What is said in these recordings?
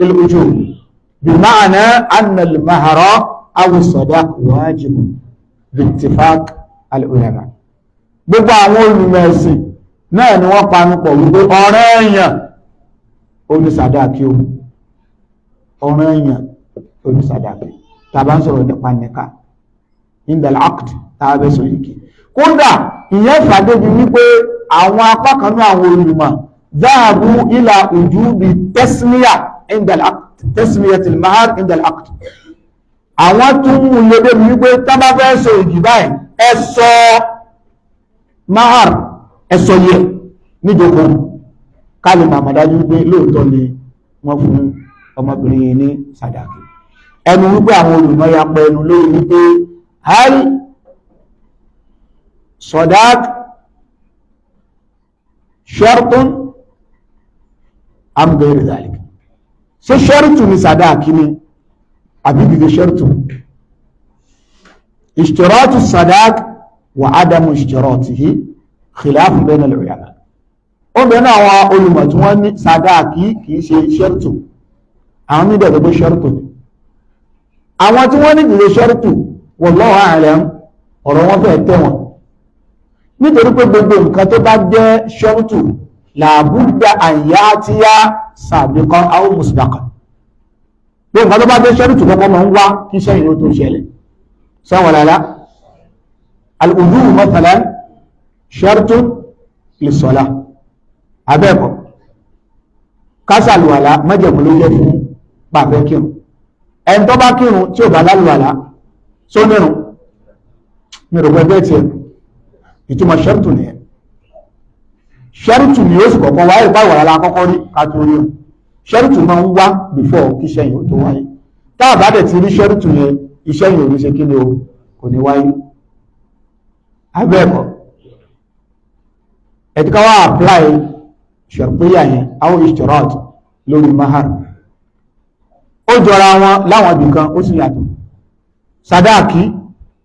للأجور بمعنى أن المهر أو الصداق واجب باتفاق العلماء gbogbo àwọn olùmẹ̀sìn náà ni wọ́n panupọ̀ wípé ọ̀rẹ́ èèyàn onísàdáàkì o ọ̀rẹ́ èèyàn onísàdáàkì tàbá ń sọ̀rọ̀ nípa nìka indal act tàbá sọ yìí kódà ìyẹn fàdébi wípé àwọn apá kan náà àwọn olùmọ̀ dáàbù ìlà ojú bíi tẹ́síníyà عند العقد تسمية المهر عند العقد àwọn tún mú un lédè wípé tá bá fẹ́ sọ ìdì báyìí ẹ sọ mahar ẹ sọ yẹ níjọba ká lè màmá dájú wípé lóòótọ́ ni wọ́n fún ọmọbìnrin yìí ní sàdáàkì ẹnu wípé àwọn olùmọ̀ ya pẹ ẹnu lórí wípé hal sọdáàkì shartun am ṣé ṣẹ́rìtù ni sàdáàkì ni àbí gbígbé ṣẹ́rìtù ìṣtìrọ́tù sàdáàkì wà ádámù ìṣtìrọ́tù yìí kìláàfù bẹ́ẹ̀ nílò ìyànà obìnrin àwọn olùmọ̀ tí wọ́n ní sàdáàkì kì í ṣe ṣẹ́rìtù àwọn nídẹ̀ gbogbo ṣẹ́rìtù ni àwọn tí wọ́n ní gbígbé ṣẹ́rìtù wallahu a'lam ọ̀rọ̀ wọn fẹ́ẹ̀ tẹ̀wọ̀n nítorí pé gbogbo nǹkan tó bá jẹ́ ṣẹ́rìtù làbúdà àyàtíyá sàbíkọ́ àwọn mùsùlùmí bí nǹkan tó bá dé ṣẹ́rìtù kọ́kọ́ máa ń wá kí sẹ́yìn ó tó ṣẹlẹ̀ sọ́wọ́n lára alùdú mọ́tàlá ṣẹ́rìtù ìsọ̀lá abẹ́ẹ̀kọ́ kásàlùwàlá mẹ́jẹ̀mú ló yẹ fún pàbẹ́ kírun ẹni tó bá kírun tí ò bá lálùwàlá sónírun mi rò pẹ́ tiẹ̀ ìtumọ̀ ṣẹ́rìtù nìyẹn ṣẹ́rìtù ni ó sì kọ̀kọ́ wáyé báwọ̀ rárá kọ́kọ́ rí kàtòrí o ṣẹ́rìtù máa ń wá bìfọ́ kí ṣẹ́yìn ó tó wáyé táà bá dẹ̀ ti rí ṣẹ́rìtù yẹn ìṣẹ́yìn ò ní ṣe kí ni o kò ní wáyé abẹ́ẹ̀kọ́ ẹ̀díkà wá apply ṣẹ̀pẹ́yà yẹn àwọn ishtirat lórí mahar ó jọra wọn láwọn ibì kan ó sì yàtọ̀ sàdáàkì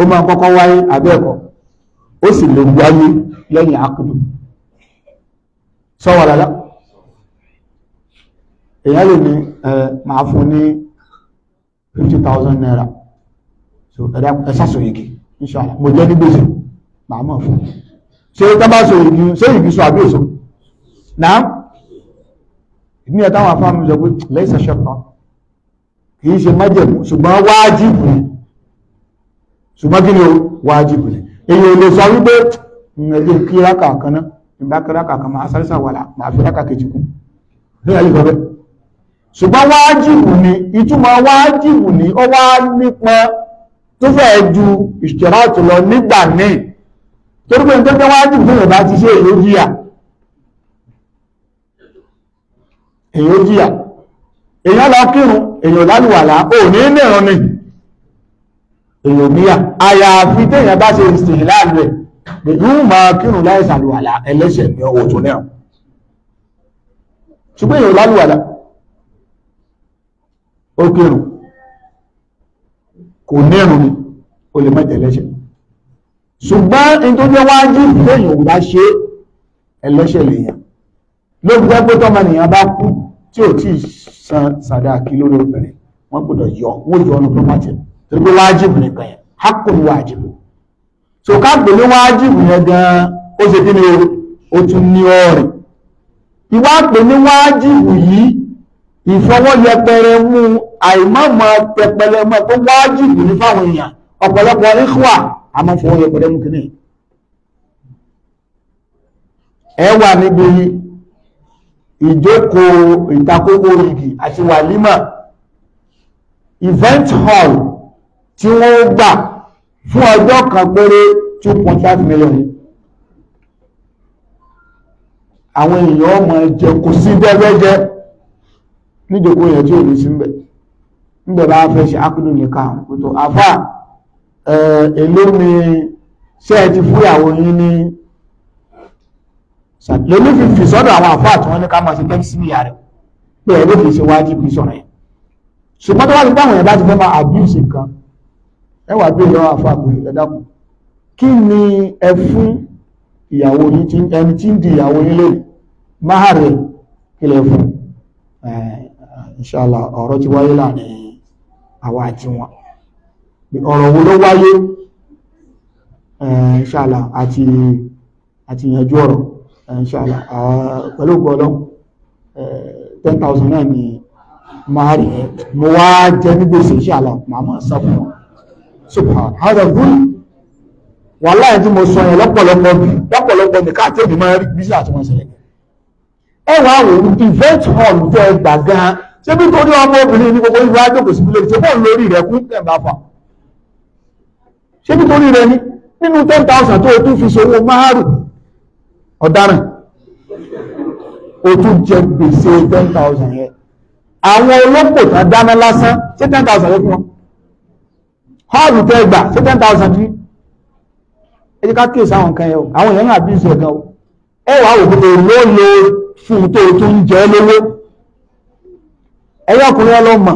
ó máa kọ́kọ́ wáyé abẹ́ẹ̀kọ́ ó sì lè wáyé lẹ́yìn akudu sọ́wọ́ dada èyàn lè ní ẹ máa fún ní fifty thousand naira so ẹ̀dá ẹ sá sòyìgì inshallah mo jẹ́ ní gbèsè màá mọ̀ fún ṣé tá bá sòyìgì ṣé ìgì sọ àbí èso náà ìgbìyànjú táwọn afáàmì sọ pé lẹ́yìn ṣẹṣẹ kan kì í ṣe májẹ̀mú ṣùgbọ́n wájìbù ni ṣùgbọ́n kí ni o wájìbù ni èyí ò lè sọ wípé ẹ̀jẹ̀ kíra kàkan náà ìbákẹ́ráka kan máa sáré sàwàlà máa fi ráka kejì kún ní ayé ìgbà bẹ́ẹ̀ ṣùgbọ́n wájìbù ni ìtumọ̀ wájìbù ni ó wá nípọn tó fẹ́ ju ìṣẹ̀ráàtù lọ nígbà míì torí pé nítorí pé wájìbù tó yẹ̀bá ti ṣe èyí jìyà èyí jìyà èyàn lọ kírun èyàn lálùwàlá ò ní nìran ni èyàn níyà àyàfi téèyàn bá ṣe ìsìn láàlú ẹ̀ yóò máa kírun láì sàlùwàlà ẹlẹ́ṣẹ̀ ní ọwọ́ tó náà ṣùgbọ́n èèyàn lálùwàlà ó kírun kò nírun ni ó lè mẹ́jẹ ẹlẹ́ṣẹ̀ ṣùgbọ́n in tó jẹ́ wájú lẹ́yìn òwúrá ṣe ẹlẹ́ṣẹ̀ lèèyàn ló gbẹ́ pé tọ́mọ nìyàn bá kú tí ò tíì san sàdáàkì lórí obìnrin wọ́n gbọ́dọ̀ yọ wọ́n yọ ọ́nà tó má jẹ́ torí wájú nìkan yẹn hákùn wájú so ká gbé ní wájìbù yẹn gan ó ṣe kí ni ó tún ní ọ̀rìn ìwà pè ní wájìbù yìí ìfọwọ́ yẹpẹrẹ mú àìmọ́mọ́ pẹpẹlẹ mọ́ tó wájìbù ní fáwọn èèyàn ọ̀pọ̀lọpọ̀ ikhwa àmọ́ fọwọ́ yẹpẹrẹ mú kìíní ẹ wà níbi ìjókòó ìtakókò rìgì àti wàlímà event hall tí wọ́n gbà fún ọjọ́ kan péré 2.5 million àwọn èèyàn ọmọ ẹ̀jẹ̀ kò sí dẹ́gbẹ́jẹ́ níjòkó yẹn tí ò ní sí ń bẹ̀ ń bẹ̀ bá fẹ́ ṣe ákùnrin nìkan kòtò àfà èlé mi ṣe ẹ ti fúyàwó yín ní lóní fífi sọ́dọ̀ àwọn àfà tí wọ́n ní ká máa ṣe tẹ́kì sí ìyá rẹ̀ pé ẹ̀ ló fi ṣe wájú ìpín sọ̀rọ̀ yẹn ṣùgbọ́n tó wá ti báwọn yẹn bá ti fẹ́ máa abuse nǹkan ẹwà bí lọ́wọ́ àfàgbè ẹ̀dàkù kí ni ẹ fún ìyàwó yìí ẹni tí ń di ìyàwó ilé máàrẹ ilẹ̀ fún inshallah ọ̀rọ̀ ti wáyé láàrin àwa àti wọn ọ̀rọ̀ wo ló wáyé inshallah àti ìyànjú ọ̀rọ̀ inshallah pẹ̀lú gbọ́dọ̀ ten thousand náà ni máàrẹ mo wá jẹ ní gbèsè inshallah màá mọ̀ sá fún wọn subhanallah wàhálà yẹn tí mo sọ yẹn lọ́pọ̀lọpọ̀ bí lọ́pọ̀lọpọ̀ ní káàtó ìdí máa rí bísí àti wọn ṣẹlẹ̀ ẹ wà wò ó event hall tẹ ẹ gbà gan ṣé bí torí ọmọ obìnrin ní gbogbo ìwà àjòkò sí ilé ìṣẹ́fọ́ lórí rẹ̀ kú tẹ̀ bá fà ṣé bí torí rẹ ní nínú ten thousand tó o tún fi ṣòwò máàrù ọ̀daràn o tún jẹ gbèsè ten thousand yẹn àwọn olóko tán dáná lásán ṣé ten thousand yẹn fún wọn họ́ọ̀lù tẹ́ gbà ṣé ten thousand bí ẹ jẹ́ ká kíyèsí àwọn nǹkan yẹn o àwọn èèyàn náà bí ìṣẹ̀ gan o ẹ wàá wò pé èló lo fún tó tó ń jẹ lówó ẹ̀yọ́ ọkùnrin ọlọ́mọ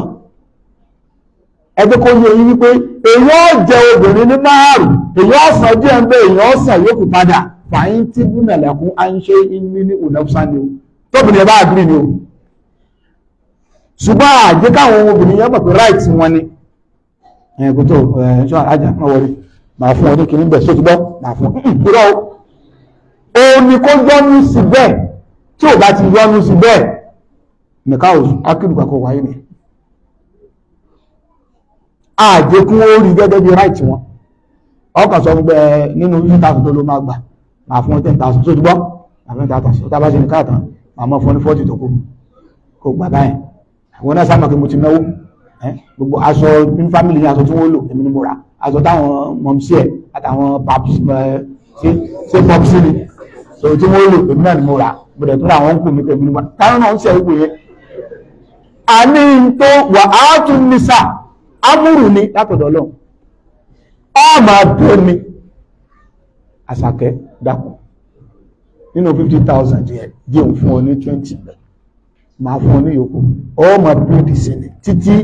ẹgbẹ́ kó yẹ yín wípé èèyàn jẹ obìnrin ní márùn èèyàn ọ̀sán díẹ̀ ń bẹ èèyàn ọ̀sán yòókù padà fàáyín tí búnà lẹ́kún á ń ṣe ìmí ní ònàfúsá ni o tóbìnrin ẹ bá àgírí ni o ṣùgbọ́n àjẹkáwọn obìnrin yẹn mọ̀ pé right wọn ni ẹ̀ kò tó ẹ̀ ṣọ́ ajá máa wọlé màá fún ọ ní kinní bẹ̀ sóti gbọ́ màá fún ọ. òun ni kó yọnu sí bẹ́ẹ̀ tí ò bá ti yọnu sí bẹ́ẹ̀ nìkan ò akíndùn kankan wáyé ni. àjẹkùn ó rí gẹ́gẹ́ bí ráìtì wọn ọkàn sọ gbẹ nínú yìí tààtù tó ló máa gbà màá fún ọ ten thousand sóti gbọ́ màá fún ọ ten thousand tá a bá ṣe nìkan àtàn màá mọ fún ọ ní forty tó kù kò gbà báyìí àwọn náà sábà kí mo ti náwó gbogbo aṣọ ní fámìlì ní aṣọ tí wọ́n lò èmi ni mo rà aṣọ táwọn mọ̀mísí ẹ̀ àtàwọn ṣé pọ́písì ni so tí wọ́n lò èmi náà ni mo rà mo dẹ̀ tó rà wọ́n kù mí pé èmi ni mo rà táwọn náà ń ṣe ìwé yẹn. àní tó wà á tún ní sà ámúrù ni látọ̀dọ̀ lọ ọ máa bẹ́ mi àṣàkẹ́ dàpọ̀ nínú fifty thousand yẹn díẹ̀ fún ọ ní twenty máa fún ọ ní yòókù ọ máa bí ìdí sí ni títí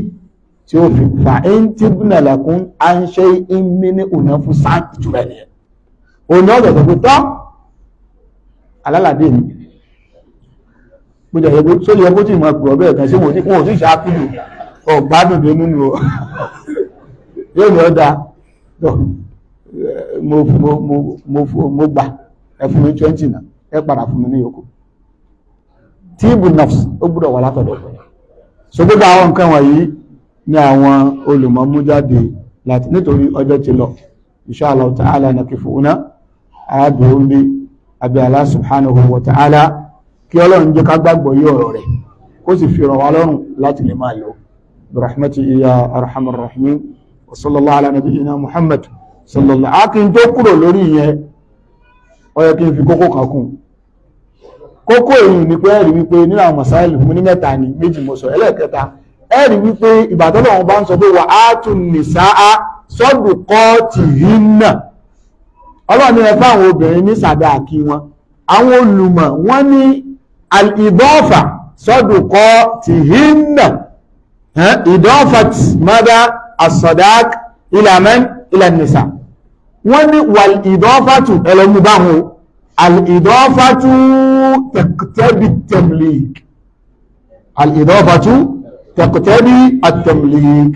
tí ó fi fa ẹntì búnàlákún à ń ṣe ìmíní ònà fún sáà ìtura ẹ̀yẹ ònà ọ̀dọ̀dọ̀ pé tọ́ alálàdé mi gbọ́dọ̀ yẹ tó yẹ kó tí ìmọ̀ ọ̀pọ̀ ọ̀bẹ̀ kan sí wọn ò tí ìṣàkúlù ọ̀gbádùn dé nínú o yóò ní ọ̀dà mo gbà ẹ fún mi twenty náà ẹ padà fún mi ní yòókù tíìbù nọ́ọ̀sì ó gbọ́dọ̀ wà látọ̀dọ̀ so gbogbo àwọn nǹkan wọ̀nyí ní àwọn olùmọ̀mújáde láti nítorí ọjọ́ ti lọ inshallah ta'ala nakifuna àádùn bí abẹ́ Allah subhanahu wa ta'ala kí ọlọ́run jẹ́ ká gbàgbọ́ yí ọ̀rọ̀ rẹ̀ kó sì fi rọ̀ wá lọ́rùn láti lè máa lọ rahmatu iya arhamar rahimin wa sallallahu ala nabiyyina muhammad sallallahu a kí n tó kúrò lórí ìyẹn ó yẹ kí n fi kókó kan kún kókó èyí ni pé ẹ̀rí wípé nínú àwọn masáìlì mú ní mẹ́ta ni méjì mo sọ ẹlẹ́ẹ̀kẹta ẹ̀rí wípé ìbàdàn náà bá ń sọ pé wà á tún ní sáà sọ́dún kọ́ọ̀tì hínà ọlọ́run ní ẹ̀fọ́ àwọn obìnrin ní sàdáàkì wọn àwọn olùmọ̀ wọ́n ní ìdọ́ọ̀fà sọ́dún kọ́ọ̀tì hínà ìdọ́ọ̀fà mọ́dá àsọ̀dáàk ìlàmẹ́ ìlànìsà wọ́n ní wàl ìdọ́ọ̀fà tù ẹlọ́mú báwọn al ìdọ́ọ̀fà tù tẹ̀kítẹ́bì tẹ̀mlì al ìdọ́ọ̀fà tẹ̀kọ̀tẹ́bí àtẹ̀mìlìk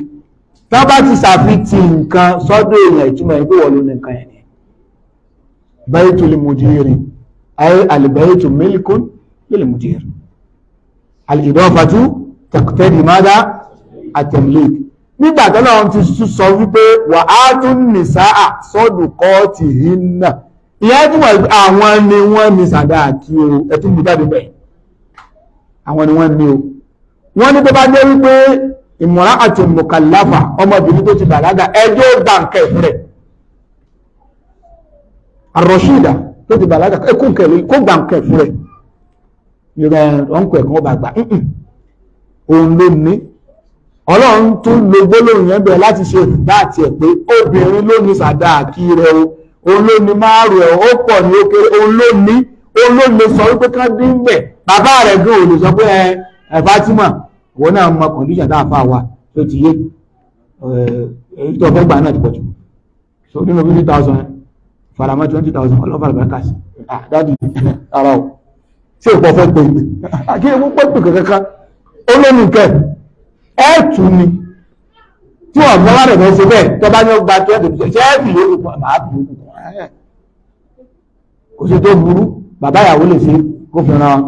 tí wọ́n bá ti sàfitì nǹkan sọ́dọ̀ èèyàn ìtumọ̀ ìgbé wọ̀ ló ní nǹkan yẹn ni baitul mujiri ayé alìbẹ́ẹ̀tù mílíkùn lil mujiri alìdọ́fàtú tẹ̀kọ̀tẹ́bí mádá àtẹ̀mìlìk nígbà tó lọ́wọ́n ti sọ wípé wà á tún nìsáà sọ́dù kọ́ọ̀tì hinna ìyẹn tí wọ́n àwọn ni wọ́n ní sàdáàkì o ẹ̀tún mú jáde bẹ́ẹ̀ àwọn ni wọ́n ní o wọ́n ní tó bá jẹ́ wípé ìmọ̀ra àti mùkàláfà ọmọbìnrin tó ti bàlágà ẹjọ́ gbà ń kẹ́ rẹ̀ àròṣìdà tó ti bàlágà ẹkún kẹ̀lé kó gbà ń kẹ́ rẹ̀ ìrẹ̀ ọ̀nkọ̀ ẹ̀kan ọba àgbà òun ló ní ọlọ́run tún lo gbólóhùn yẹn bẹ̀rẹ̀ láti ṣe ìdá àti ẹ̀ obìnrin ló ní sàdáàkì rẹ̀ o òun ló ní márùn ẹ̀ ó pọ̀ ní ó kéré òun ló ní òun ló lè sọ wípé kán dín bẹ̀ bàbá rẹ̀ gan ò lè sọ pé ẹ ẹ̀ Fatima ìwọ náà mọ kọ̀ndíṣàn tá a fa wa tó ti yé èyí tó fẹ́ gbà náà ti pọ̀ jù so nínú fifty thousand faramọ́ twenty thousand ọlọ́fà àlùbáríkà sí àdáàdì ah, ara o ṣé ìpọ̀ fẹ́ pè mí àti ewu pẹ́pẹ́ kankan olómi nkẹ́ ẹ̀ tù ni tí wọ́n gbọ́ wàrẹ̀ bẹ́ẹ̀ ṣe bẹ́ẹ̀ tó bá yọ gba twenty percent ṣé ẹ̀ fi lórí pọ̀ màá fi lórí pọ̀ kò sí tó burú bàbá ìyàwó lè ṣe kó fi ran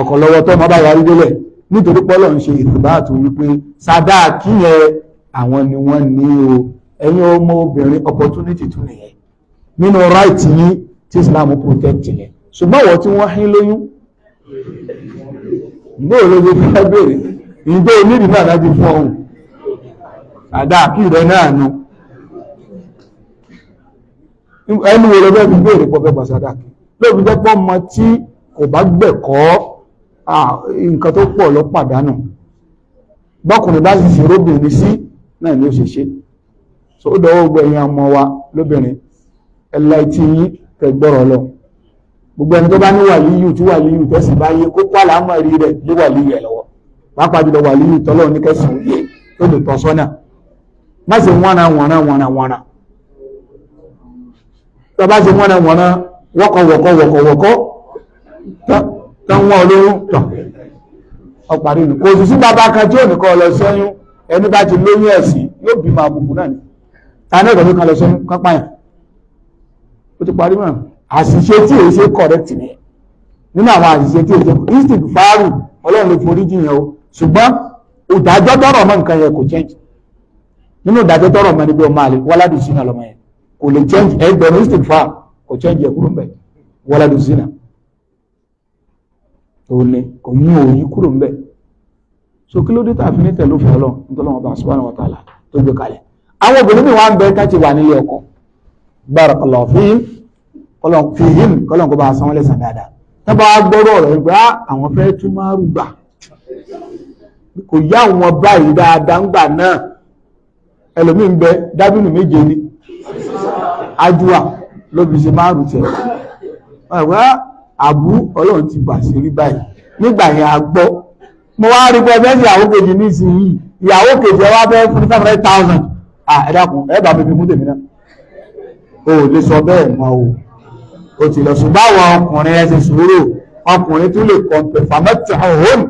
ọ̀kọ̀ lọ́wọ́ tó ọmọ bá yarí délẹ̀ nítorí pọ́lọ̀ ń ṣe ìtìbáàtò wípé sàdáàkì yẹn àwọn ni wọ́n ní o ẹ̀yin ọmọ obìnrin opportunity tún nìyẹn nínú right yín tí Islam protect yẹn ṣùgbọ́n wọ́n tí wọ́n hín lóyún ìgbóò ló fi fẹ́ bèrè ìgbóò nídìí náà dájú fún ọ̀hún sàdáàkì rẹ náà nu ẹnu wo lọ bẹ́ẹ̀ fi bèrè pọ̀ fẹ́ gbà sàdáàkì lóòbí jẹ́ pọ́ ọmọ tí kò bá gbẹ̀kọ́ nǹkan tó pọ̀ lọ pàdánù bọ́kùnrin bá sì sí róbìnrin sí náà ni ó ṣe ṣe so ó dọwọ́ gbogbo ẹ̀yin ọmọ wa lóbìnrin ẹ̀la etí yín tẹ̀gbọ́rọ̀ lọ gbogbo ẹni tó bá ní wàlíyù tí wàlíyù tẹ̀sí bá yé kó pàlà àmọ́ rí rẹ̀ lé wàlíyù ẹ̀ lọ́wọ́ pàápàá jùlọ wàlíyù tọ́lọ́ ní kẹsàn-án yé tó lè tọ́ sọ́nà má ṣe wọ́nà wọ̀nà wọ̀nà wọ̀nà tó bá ṣe wọ́nà wọ̀nà wọ́kọ̀ wọ̀kọ̀ wọ̀kọ̀ wọ̀kọ̀ tán tó ń wọ́n olóró tọ̀ ọ̀parí nù kò sì sí bàbá kan tí ò ní kọ́ lọ sẹ́yún ẹni bá ti lóyún ẹ̀sìn yóò bímọ àbùkù náà ni ta ní ọ̀dọ̀ mi kan lọ sẹ́yún kápá yẹn ó ti parí mọ́ àṣìṣe tí èyí ṣe correct ni nínú àwọn àṣìṣe tí èyí ṣe instinct fáárù ọlọ́run ló forí jìyàn o ṣùgbọ́n ìdájọ́ tọrọ ọmọ nǹkan yẹn kò change nínú ìdájọ́ tọrọ ọmọ ẹni pé ọmọ àlè wọ́ládùn sínú yẹn kò lè change ẹgbẹ̀rún instinct fáárù kò change ẹ̀kúrò mbẹ̀ wọ́ládùn òun ni kò kúrò ń bẹ̀ so kí ló dé tàbí ní tẹ̀lé òfin ọlọ́run nítorí wọn bá subhanahu wa ta'ala tó gbé kalẹ̀ àwọn obìnrin mi wà ń bẹ ká ti wà nílé ọkọ barakallahu fihim kọlọ́n fihim kọlọ́n kó bá a san wọ́n lẹ́sàn dáadáa tábà gbọ́rọ̀ rẹ̀ gbá ah, àwọn fẹ́ tún máa rú gbà kò yá àwọn báyìí dáadáa ń gbà náà ẹlòmíì ń bẹ dábìnú méje ni ajua lóbi ṣe máa rù tẹ̀ wá àbú ọlọ́run ti bà sí rí báyìí nígbà yẹn a gbọ́ mo wá rí pé bẹ́ẹ̀ ìyàwó kejì nísìnyí ìyàwó kejì ẹ wá bẹ́ẹ̀ fún five hundred thousand ah ẹ dákun ẹ bá mi fi mú tèmi náà o ò lè sọ bẹ́ẹ̀ mọ́ o o ti lọ ṣùgbọ́n àwọn ọkùnrin ẹ ti sùúrù ọkùnrin tún lè kọ̀ǹpẹ̀ fàmẹ́tì ọ̀hún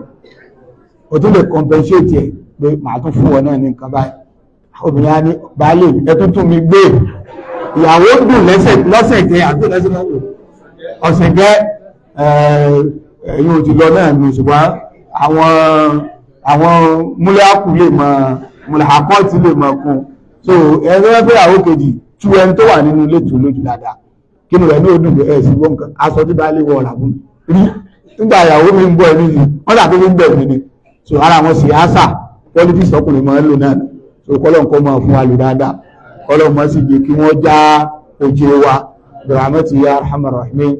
o tún lè kọ̀ǹpẹ̀ṣẹ̀tì ẹ̀ pé màá tún fún ọ náà ní nǹkan báyìí obìnrin á ní baálé ẹ tún tún mi gbé ìyàwó dùn lọ́sẹ̀ lọ́sẹ̀ jẹ lọ́sẹ̀ náà ọ̀sẹ̀ jẹ́ ẹ̀yìn òtí lọ náà ní ṣùgbọ́n àwọn àwọn múlẹ́àkù lè mọ múlẹ́àkọ́ọ̀tì lè mọ kún so ẹni wọ́n fẹ́ àwọn kejì tú ẹni tó wà nínú ilé tó lójú dáadáa kí ni rẹ̀ ní odùn ẹ̀ sí wọ́n kan aṣọ tí bá lè wọ ọ̀rà fún rí nígbà ìyàwó mi ń bọ̀ ẹni yìí wọ́n dà tó fi ń bẹ̀ mí ni so ara wọn sì áṣà politics ọkùnrin máa ń lò náà so kọ́lọ́n kọ́ máa fún wa lò dáadáa kọ́lọ́n máa sì gbé kí wọ́n já oje wa ibrahim ti ya arhamar rahimin